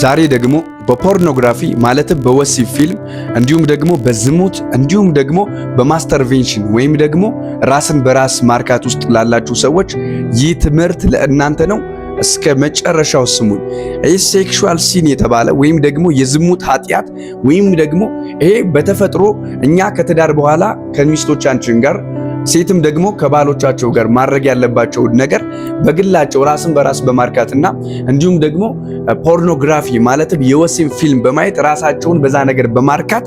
ዛሬ ደግሞ በፖርኖግራፊ ማለትም በወሲብ ፊልም እንዲሁም ደግሞ በዝሙት እንዲሁም ደግሞ በማስተርቬንሽን ወይም ደግሞ ራስን በራስ ማርካት ውስጥ ላላችሁ ሰዎች ይህ ትምህርት ለእናንተ ነው። እስከ መጨረሻው ስሙን። ይህ ሴክሹዋል ሲን የተባለ ወይም ደግሞ የዝሙት ኃጢአት ወይም ደግሞ ይሄ በተፈጥሮ እኛ ከትዳር በኋላ ከሚስቶቻችን ጋር ሴትም ደግሞ ከባሎቻቸው ጋር ማድረግ ያለባቸውን ነገር በግላቸው ራስን በራስ በማርካትና እንዲሁም ደግሞ ፖርኖግራፊ ማለትም የወሲብ ፊልም በማየት ራሳቸውን በዛ ነገር በማርካት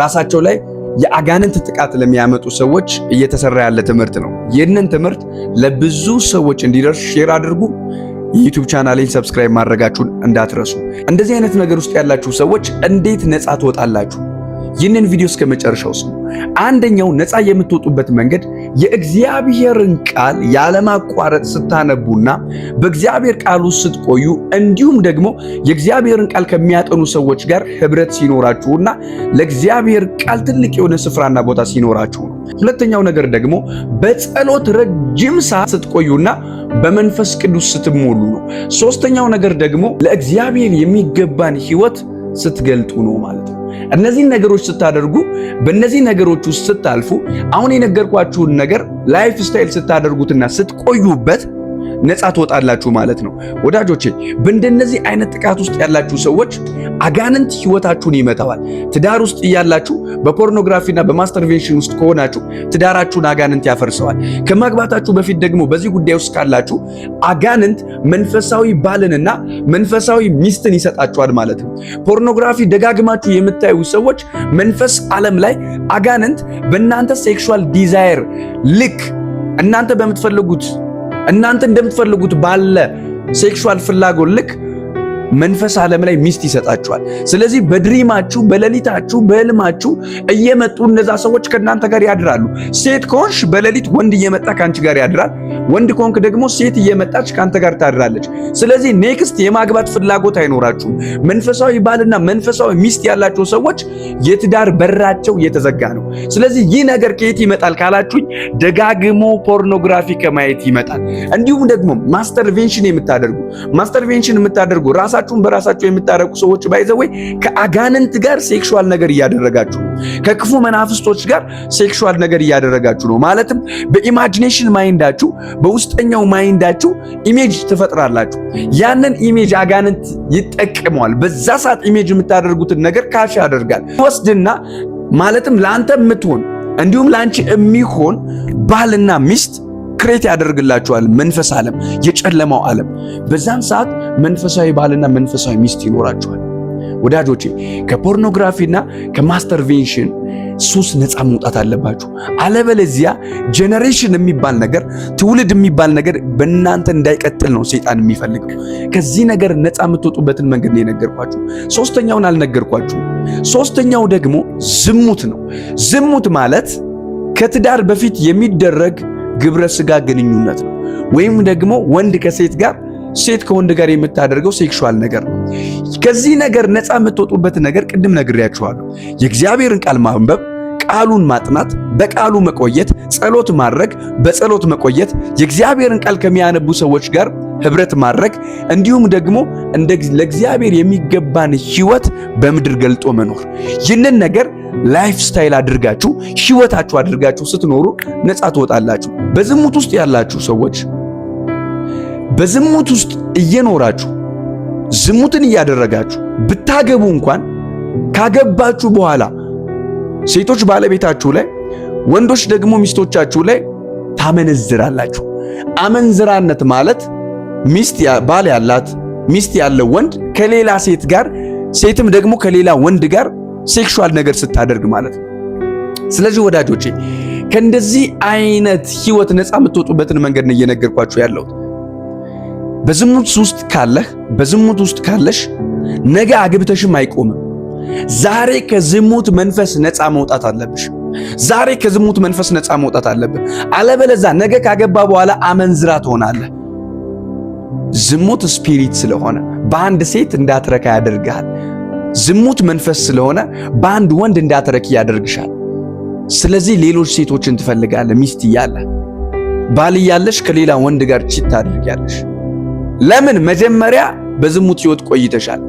ራሳቸው ላይ የአጋንንት ጥቃት ለሚያመጡ ሰዎች እየተሰራ ያለ ትምህርት ነው። ይህንን ትምህርት ለብዙ ሰዎች እንዲደርስ ሼር አድርጉ። የዩቲዩብ ቻናሌን ሰብስክራይብ ማድረጋችሁን እንዳትረሱ። እንደዚህ አይነት ነገር ውስጥ ያላችሁ ሰዎች እንዴት ነፃ ትወጣላችሁ? ይህንን ቪዲዮ እስከ መጨረሻው ስሙ። አንደኛው ነፃ የምትወጡበት መንገድ የእግዚአብሔርን ቃል ያለማቋረጥ ስታነቡና በእግዚአብሔር ቃል ውስጥ ስትቆዩ እንዲሁም ደግሞ የእግዚአብሔርን ቃል ከሚያጠኑ ሰዎች ጋር ህብረት ሲኖራችሁና ለእግዚአብሔር ቃል ትልቅ የሆነ ስፍራና ቦታ ሲኖራችሁ ነው። ሁለተኛው ነገር ደግሞ በጸሎት ረጅም ሰዓት ስትቆዩና በመንፈስ ቅዱስ ስትሞሉ ነው። ሶስተኛው ነገር ደግሞ ለእግዚአብሔር የሚገባን ህይወት ስትገልጡ ነው ማለት ነው። እነዚህን ነገሮች ስታደርጉ፣ በእነዚህ ነገሮች ውስጥ ስታልፉ፣ አሁን የነገርኳችሁን ነገር ላይፍ ስታይል ስታደርጉትና ስትቆዩበት ነፃ ትወጣላችሁ ማለት ነው። ወዳጆቼ በእንደነዚህ አይነት ጥቃት ውስጥ ያላችሁ ሰዎች አጋንንት ህይወታችሁን ይመታዋል። ትዳር ውስጥ እያላችሁ በፖርኖግራፊና በማስተርቬንሽን ውስጥ ከሆናችሁ ትዳራችሁን አጋንንት ያፈርሰዋል። ከማግባታችሁ በፊት ደግሞ በዚህ ጉዳይ ውስጥ ካላችሁ አጋንንት መንፈሳዊ ባልንና መንፈሳዊ ሚስትን ይሰጣችኋል ማለት ነው። ፖርኖግራፊ ደጋግማችሁ የምታዩ ሰዎች መንፈስ ዓለም ላይ አጋንንት በእናንተ ሴክሹዋል ዲዛየር ልክ እናንተ በምትፈልጉት እናንተ እንደምትፈልጉት ባለ ሴክሹዋል ፍላጎት ልክ መንፈስ ዓለም ላይ ሚስት ይሰጣችኋል። ስለዚህ በድሪማችሁ፣ በሌሊታችሁ፣ በህልማችሁ እየመጡ እነዛ ሰዎች ከእናንተ ጋር ያድራሉ። ሴት ከሆንሽ በሌሊት ወንድ እየመጣ ከአንቺ ጋር ያድራል። ወንድ ከሆንክ ደግሞ ሴት እየመጣች ከአንተ ጋር ታድራለች። ስለዚህ ኔክስት የማግባት ፍላጎት አይኖራችሁም። መንፈሳዊ ባልና መንፈሳዊ ሚስት ያላቸው ሰዎች የትዳር በራቸው የተዘጋ ነው። ስለዚህ ይህ ነገር ከየት ይመጣል ካላችሁኝ ደጋግሞ ፖርኖግራፊ ከማየት ይመጣል። እንዲሁም ደግሞ ማስተርቬንሽን የምታደርጉ ማስተርቬንሽን የምታደርጉ ራሳችሁ ራሳችሁን በራሳችሁ የምታረቁ ሰዎች ባይዘወይ ከአጋንንት ጋር ሴክሹዋል ነገር እያደረጋችሁ ነው። ከክፉ መናፍስቶች ጋር ሴክሹዋል ነገር እያደረጋችሁ ነው። ማለትም በኢማጂኔሽን ማይንዳችሁ፣ በውስጠኛው ማይንዳችሁ ኢሜጅ ትፈጥራላችሁ። ያንን ኢሜጅ አጋንንት ይጠቀመዋል። በዛ ሰዓት ኢሜጅ የምታደርጉትን ነገር ካሽ ያደርጋል ወስድና ማለትም ለአንተ የምትሆን እንዲሁም ለአንቺ የሚሆን ባልና ሚስት ክሬት ያደርግላችኋል። መንፈስ ዓለም፣ የጨለማው ዓለም። በዛን ሰዓት መንፈሳዊ ባልና መንፈሳዊ ሚስት ይኖራችኋል። ወዳጆቼ ከፖርኖግራፊና ከማስተርቬንሽን ሱስ ነፃ መውጣት አለባችሁ። አለበለዚያ ጀነሬሽን የሚባል ነገር ትውልድ የሚባል ነገር በእናንተ እንዳይቀጥል ነው ሰይጣን የሚፈልግ። ከዚህ ነገር ነፃ የምትወጡበትን መንገድ ነው የነገርኳችሁ። ሶስተኛውን አልነገርኳችሁ። ሶስተኛው ደግሞ ዝሙት ነው። ዝሙት ማለት ከትዳር በፊት የሚደረግ ግብረ ስጋ ግንኙነት ነው። ወይም ደግሞ ወንድ ከሴት ጋር ሴት ከወንድ ጋር የምታደርገው ሴክሹዋል ነገር ነው። ከዚህ ነገር ነፃ የምትወጡበት ነገር ቅድም ነግሬያችኋለሁ። የእግዚአብሔርን ቃል ማንበብ፣ ቃሉን ማጥናት፣ በቃሉ መቆየት፣ ጸሎት ማድረግ፣ በጸሎት መቆየት፣ የእግዚአብሔርን ቃል ከሚያነቡ ሰዎች ጋር ህብረት ማድረግ፣ እንዲሁም ደግሞ ለእግዚአብሔር የሚገባን ህይወት በምድር ገልጦ መኖር ይህንን ነገር ላይፍ ስታይል አድርጋችሁ ህይወታችሁ አድርጋችሁ ስትኖሩ ነጻ ትወጣላችሁ። በዝሙት ውስጥ ያላችሁ ሰዎች በዝሙት ውስጥ እየኖራችሁ ዝሙትን እያደረጋችሁ ብታገቡ እንኳን ካገባችሁ በኋላ ሴቶች ባለቤታችሁ ላይ፣ ወንዶች ደግሞ ሚስቶቻችሁ ላይ ታመነዝራላችሁ። አመንዝራነት ማለት ሚስት ባል ያላት ሚስት ያለው ወንድ ከሌላ ሴት ጋር ሴትም ደግሞ ከሌላ ወንድ ጋር ሴክሹዋል ነገር ስታደርግ ማለት ነው። ስለዚህ ወዳጆቼ ከእንደዚህ አይነት ህይወት ነፃ የምትወጡበትን መንገድ ነው እየነገርኳችሁ ያለሁት። በዝሙት ውስጥ ካለህ በዝሙት ውስጥ ካለሽ ነገ አግብተሽም አይቆምም። ዛሬ ከዝሙት መንፈስ ነፃ መውጣት አለብሽ። ዛሬ ከዝሙት መንፈስ ነፃ መውጣት አለብህ። አለበለዛ ነገ ካገባ በኋላ አመንዝራ ትሆናለህ። ዝሙት ስፒሪት ስለሆነ በአንድ ሴት እንዳትረካ ያደርግሃል። ዝሙት መንፈስ ስለሆነ በአንድ ወንድ እንዳትረክ ያደርግሻል። ስለዚህ ሌሎች ሴቶችን ትፈልጋለ ሚስት እያለ ባል እያለሽ ከሌላ ወንድ ጋር ቺት ታደርጊያለሽ። ለምን? መጀመሪያ በዝሙት ህይወት ቆይተሻል።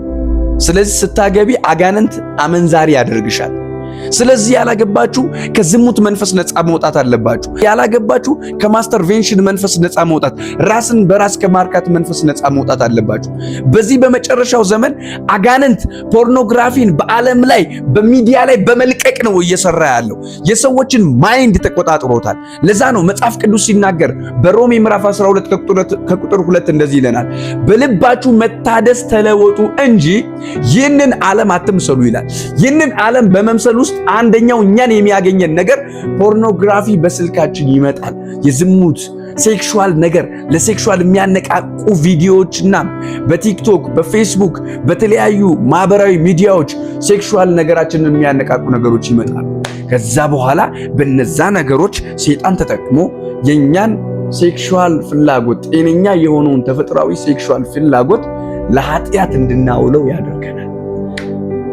ስለዚህ ስታገቢ አጋንንት አመንዛሪ ያደርግሻል። ስለዚህ ያላገባችሁ ከዝሙት መንፈስ ነፃ መውጣት አለባችሁ። ያላገባችሁ ከማስተርቬንሽን መንፈስ ነፃ መውጣት፣ ራስን በራስ ከማርካት መንፈስ ነፃ መውጣት አለባችሁ። በዚህ በመጨረሻው ዘመን አጋንንት ፖርኖግራፊን በዓለም ላይ በሚዲያ ላይ በመልቀቅ ነው እየሰራ ያለው። የሰዎችን ማይንድ ተቆጣጥሮታል። ለዛ ነው መጽሐፍ ቅዱስ ሲናገር በሮሜ ምዕራፍ 12 ከቁጥር 2 እንደዚህ ይለናል፣ በልባችሁ መታደስ ተለወጡ እንጂ ይህንን ዓለም አትምሰሉ ይላል። ይህንን ዓለም በመምሰሉ መካከል ውስጥ አንደኛው እኛን የሚያገኘን ነገር ፖርኖግራፊ በስልካችን ይመጣል። የዝሙት ሴክሹዋል ነገር ለሴክሹዋል የሚያነቃቁ ቪዲዮዎችና በቲክቶክ፣ በፌስቡክ፣ በተለያዩ ማህበራዊ ሚዲያዎች ሴክሹዋል ነገራችንን የሚያነቃቁ ነገሮች ይመጣሉ። ከዛ በኋላ በነዛ ነገሮች ሴጣን ተጠቅሞ የእኛን ሴክሹዋል ፍላጎት ጤነኛ የሆነውን ተፈጥሯዊ ሴክሹዋል ፍላጎት ለኃጢአት እንድናውለው ያደርገናል።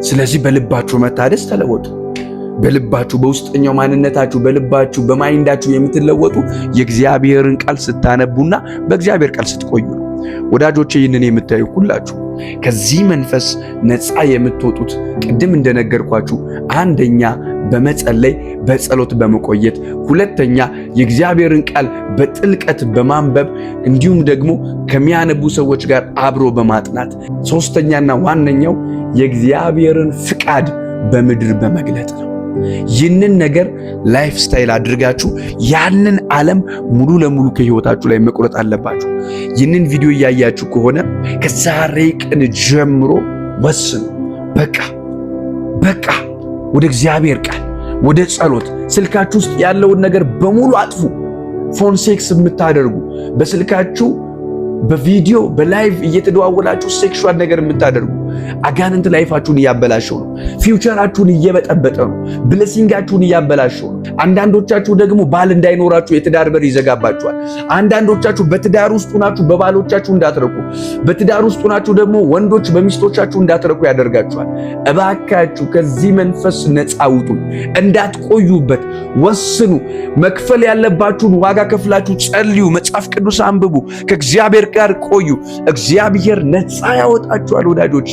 ስለዚህ በልባችሁ መታደስ ተለወጡ። በልባችሁ በውስጠኛው ማንነታችሁ በልባችሁ በማይንዳችሁ የምትለወጡ የእግዚአብሔርን ቃል ስታነቡና በእግዚአብሔር ቃል ስትቆዩ ነው። ወዳጆቼ ይህንን የምታዩ ሁላችሁ ከዚህ መንፈስ ነፃ የምትወጡት ቅድም እንደነገርኳችሁ አንደኛ በመጸለይ በጸሎት በመቆየት፣ ሁለተኛ የእግዚአብሔርን ቃል በጥልቀት በማንበብ እንዲሁም ደግሞ ከሚያነቡ ሰዎች ጋር አብሮ በማጥናት፣ ሶስተኛና ዋነኛው የእግዚአብሔርን ፍቃድ በምድር በመግለጥ ነው። ይህንን ነገር ላይፍ ስታይል አድርጋችሁ ያንን ዓለም ሙሉ ለሙሉ ከህይወታችሁ ላይ መቁረጥ አለባችሁ። ይህንን ቪዲዮ እያያችሁ ከሆነ ከዛሬ ቀን ጀምሮ ወስኑ። በቃ በቃ ወደ እግዚአብሔር ቃል፣ ወደ ጸሎት፣ ስልካችሁ ውስጥ ያለውን ነገር በሙሉ አጥፉ። ፎን ሴክስ የምታደርጉ በስልካችሁ በቪዲዮ በላይቭ እየተደዋወላችሁ ሴክሹዋል ነገር የምታደርጉ አጋንንት ላይፋችሁን እያበላሸው ነው። ፊውቸራችሁን እየበጠበጠ ነው። ብለሲንጋችሁን እያበላሸው ነው። አንዳንዶቻችሁ ደግሞ ባል እንዳይኖራችሁ የትዳር በር ይዘጋባችኋል። አንዳንዶቻችሁ በትዳር ውስጥ ሆናችሁ በባሎቻችሁ እንዳትረኩ፣ በትዳር ውስጥ ሆናችሁ ደግሞ ወንዶች በሚስቶቻችሁ እንዳትረኩ ያደርጋችኋል። እባካችሁ ከዚህ መንፈስ ነፃ ውጡ። እንዳትቆዩበት ወስኑ። መክፈል ያለባችሁን ዋጋ ከፍላችሁ ጸልዩ፣ መጽሐፍ ቅዱስ አንብቡ፣ ከእግዚአብሔር ጋር ቆዩ። እግዚአብሔር ነፃ ያወጣችኋል ወዳጆች።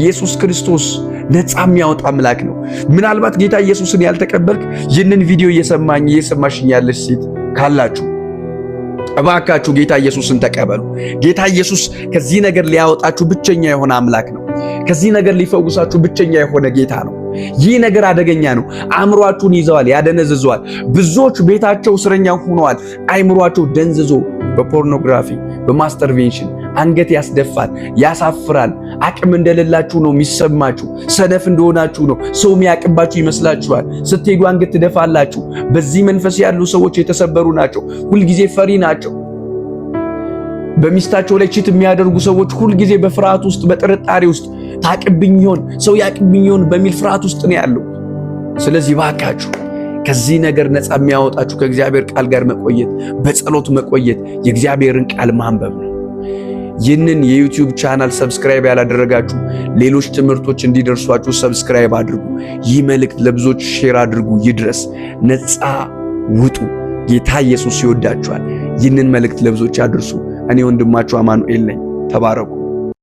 ኢየሱስ ክርስቶስ ነፃ የሚያወጣ አምላክ ነው። ምናልባት ጌታ ኢየሱስን ያልተቀበልክ ይህንን ቪዲዮ እየሰማኝ እየሰማሽኝ ያለች ሴት ካላችሁ እባካችሁ ጌታ ኢየሱስን ተቀበሉ። ጌታ ኢየሱስ ከዚህ ነገር ሊያወጣችሁ ብቸኛ የሆነ አምላክ ነው። ከዚህ ነገር ሊፈውሳችሁ ብቸኛ የሆነ ጌታ ነው። ይህ ነገር አደገኛ ነው። አእምሯችሁን ይዘዋል፣ ያደነዝዘዋል። ብዙዎች ቤታቸው እስረኛ ሆነዋል። አእምሯቸው ደንዝዞ በፖርኖግራፊ በማስተርቬንሽን አንገት ያስደፋል፣ ያሳፍራል። አቅም እንደሌላችሁ ነው የሚሰማችሁ። ሰነፍ እንደሆናችሁ ነው ሰው የሚያቅባችሁ ይመስላችኋል። ስትሄዱ አንገት ትደፋላችሁ። በዚህ መንፈስ ያሉ ሰዎች የተሰበሩ ናቸው። ሁልጊዜ ፈሪ ናቸው። በሚስታቸው ላይ ቺት የሚያደርጉ ሰዎች ሁልጊዜ በፍርሃት ውስጥ፣ በጥርጣሬ ውስጥ ታቅብኝ ይሆን ሰው ያቅብኝ ይሆን በሚል ፍርሃት ውስጥ ነው ያለው። ስለዚህ ባካችሁ ከዚህ ነገር ነፃ የሚያወጣችሁ ከእግዚአብሔር ቃል ጋር መቆየት፣ በጸሎት መቆየት፣ የእግዚአብሔርን ቃል ማንበብ ነው። ይህንን የዩቲዩብ ቻናል ሰብስክራይብ ያላደረጋችሁ ሌሎች ትምህርቶች እንዲደርሷችሁ ሰብስክራይብ አድርጉ። ይህ መልእክት ለብዙዎች ሼር አድርጉ ይድረስ። ነፃ ውጡ። ጌታ ኢየሱስ ይወዳችኋል። ይህንን መልእክት ለብዙዎች አድርሱ። እኔ ወንድማችሁ አማኑኤል ነኝ። ተባረኩ።